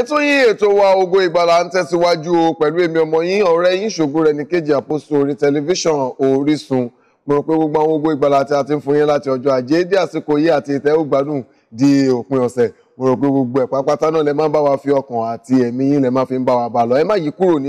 ètò yín ètò wa Ògo Ìgbàlà ń tẹ̀síwájú o pẹ̀lú èmi ọmọ yín ọ̀rẹ́ yín Ṣògorẹ̀níkejì àpòsù orí tẹlifíṣàn Orísun mo rò pé gbogbo àwọn Ògo Ìgbàlà tí a ti ń fún yín láti ọjọ́ ajé dé àsìkò yìí àti ìtẹ́wọ́gbádùn di òpin ọ̀sẹ̀ mo rò pé gbogbo ẹ̀ pápátá náà lẹ máa bá wa fi ọkàn àti ẹ̀mí yín lẹ máa fi ń bá wa bá lọ ẹ má yí kúrò ní